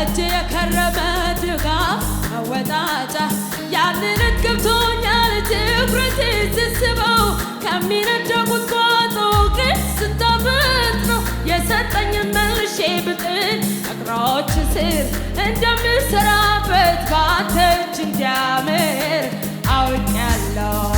እጅ የከረመ ድጋፍ መወጣጫ ያንን ገብቶኛል ድፍረት ስስበው ከሚነደው ቁጥቋጦ ግን ስታፈጥ ነው የሰጠኝ መልሼ ብጥል እግሮች ስር እንደምሰራበት ባንተ እጅ እንዲያምር አውቄያለሁ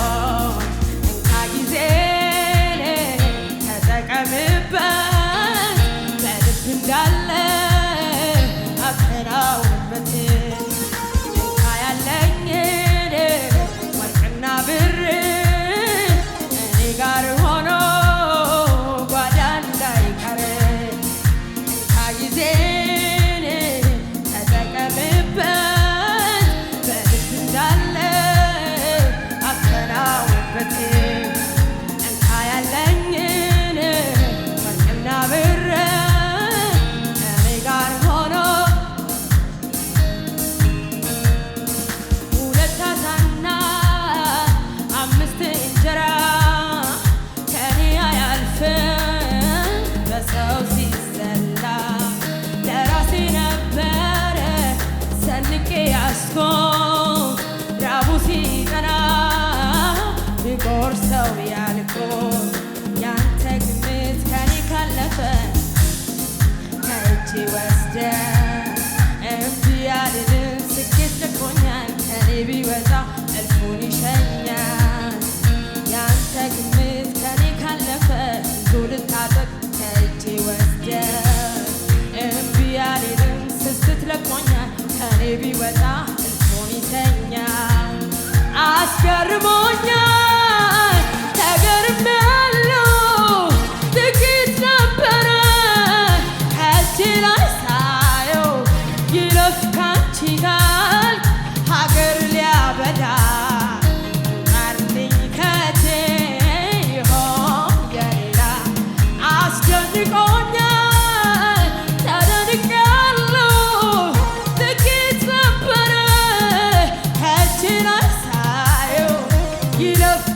ቢወጣ እንቶን ይተኛ አስገርሞኛ need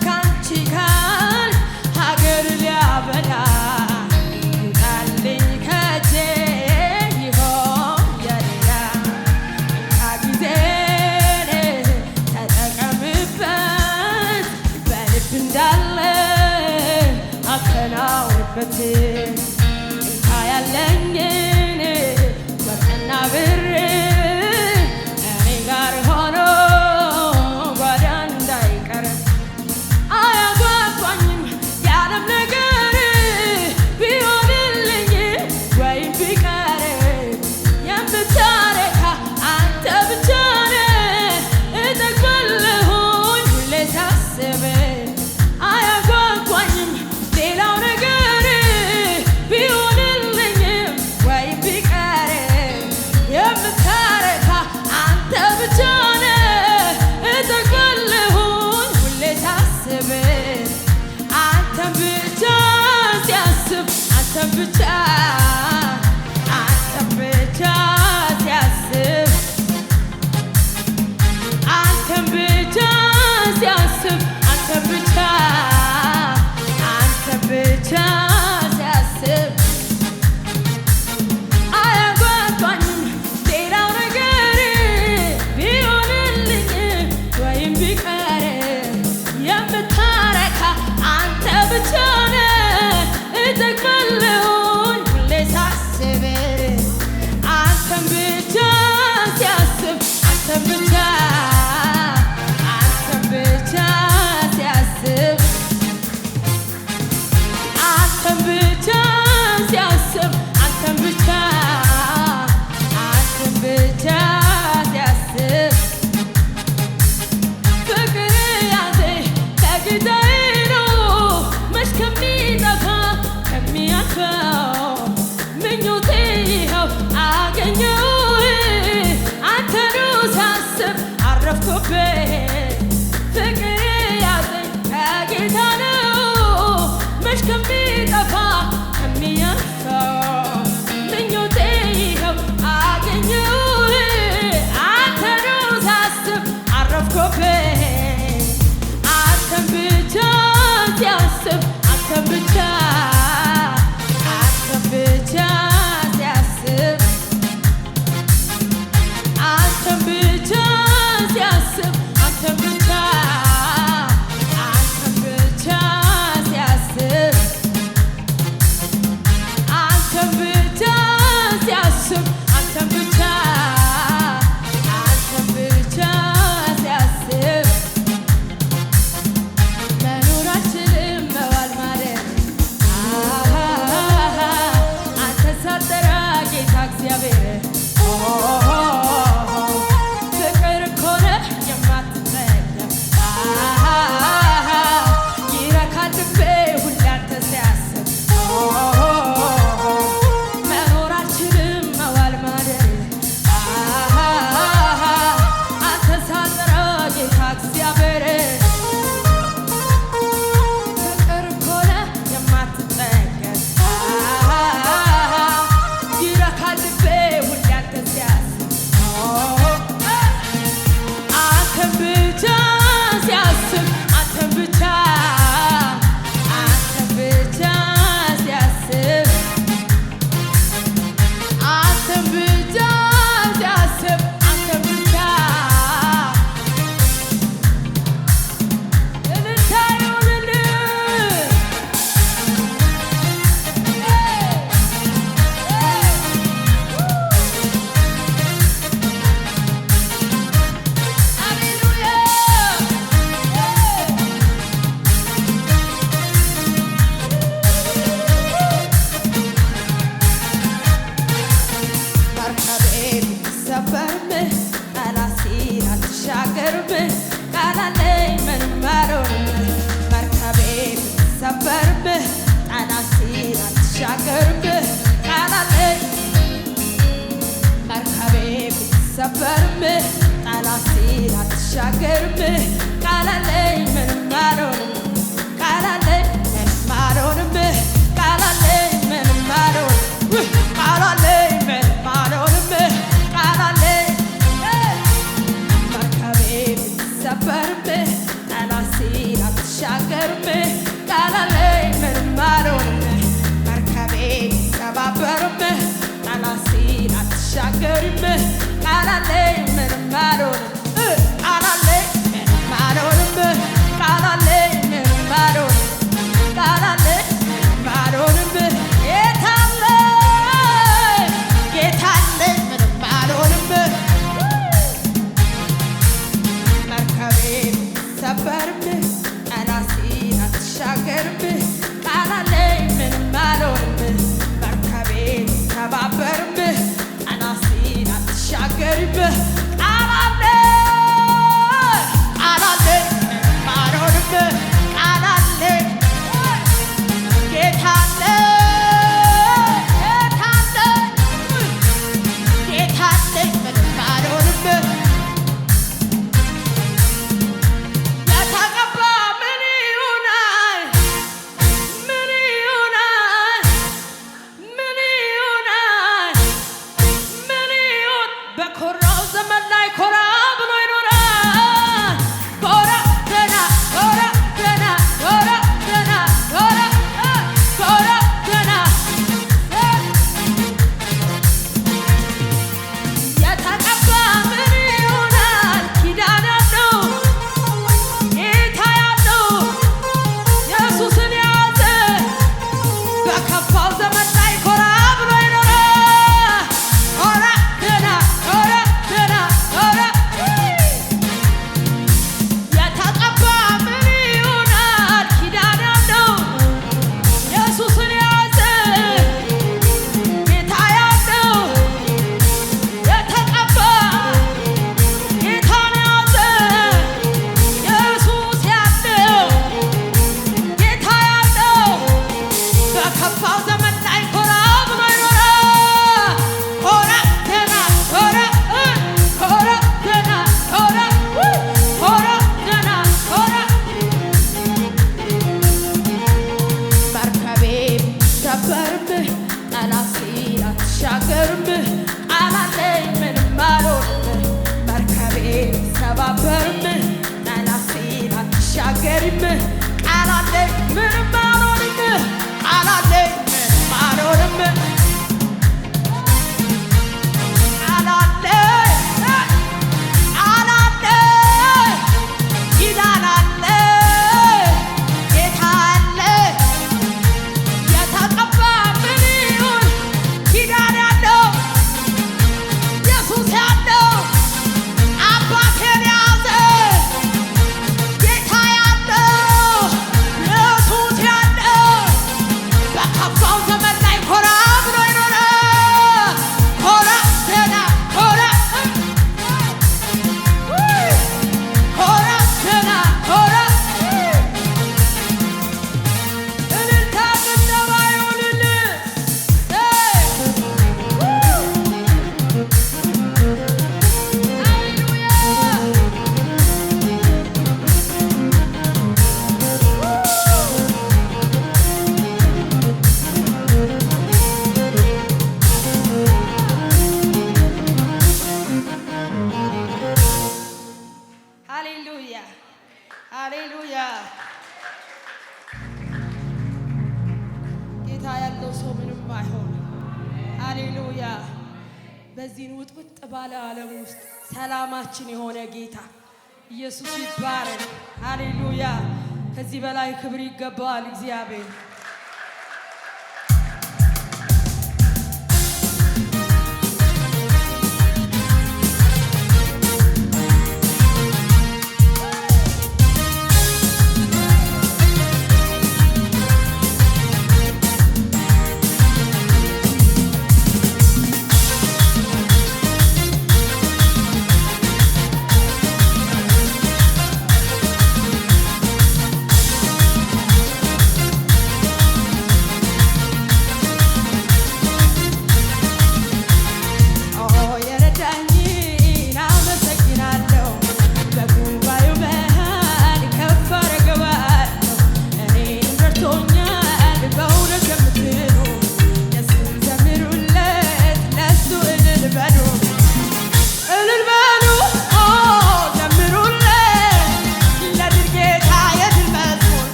ከዚህ በላይ ክብር ይገባዋል እግዚአብሔር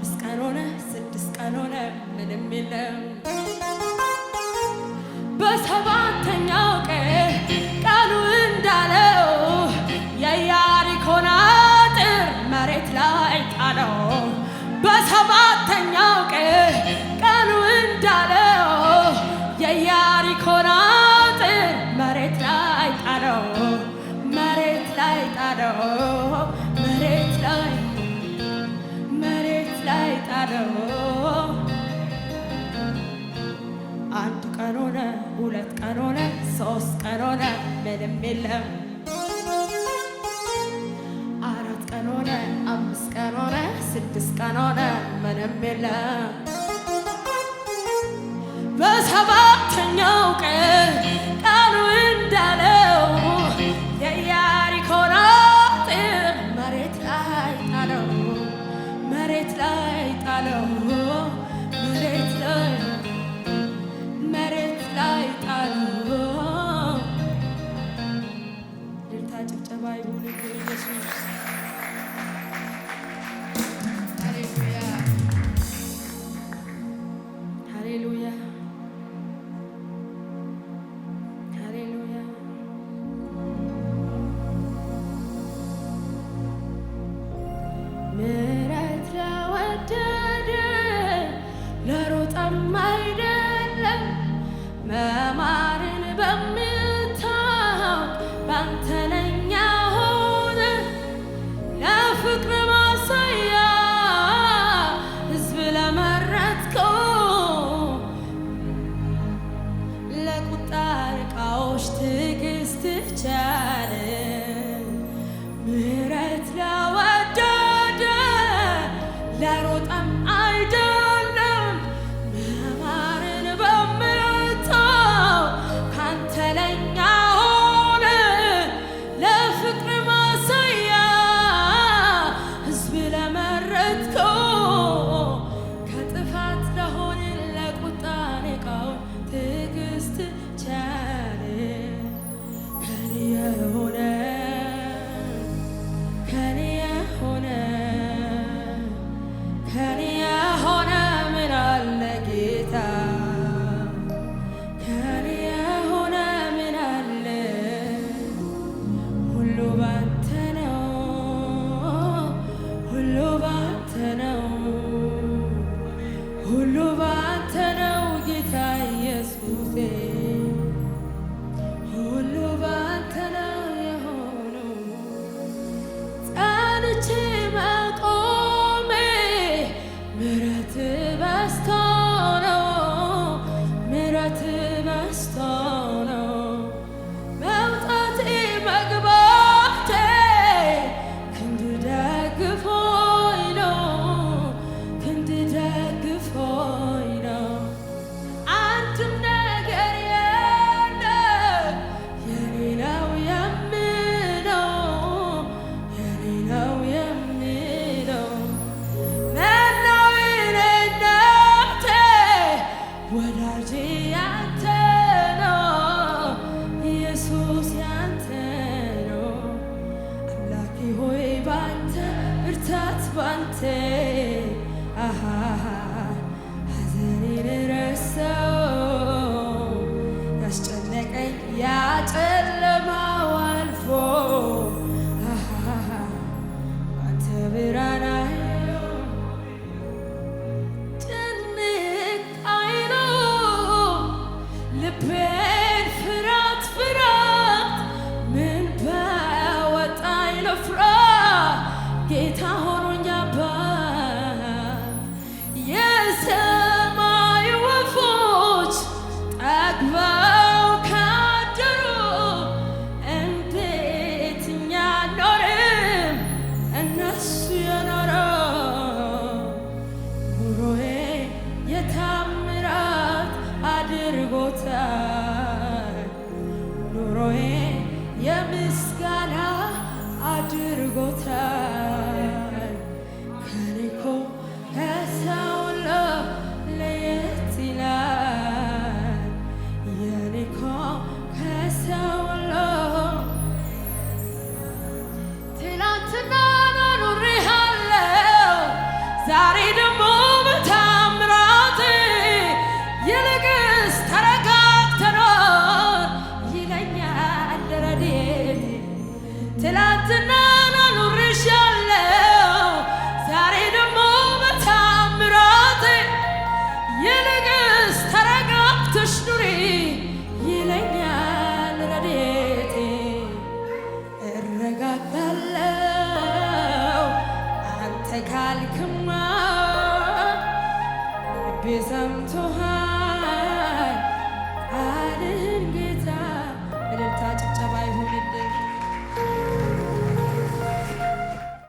አምስት ቀን ሆነ ስድስት ቀን ሆነ ምንም የለም የለም። አራት ቀን ሆነ፣ አምስት ቀን ሆነ፣ ስድስት ቀን ሆነ፣ ምንም የለም። በሰባተኛው ቀን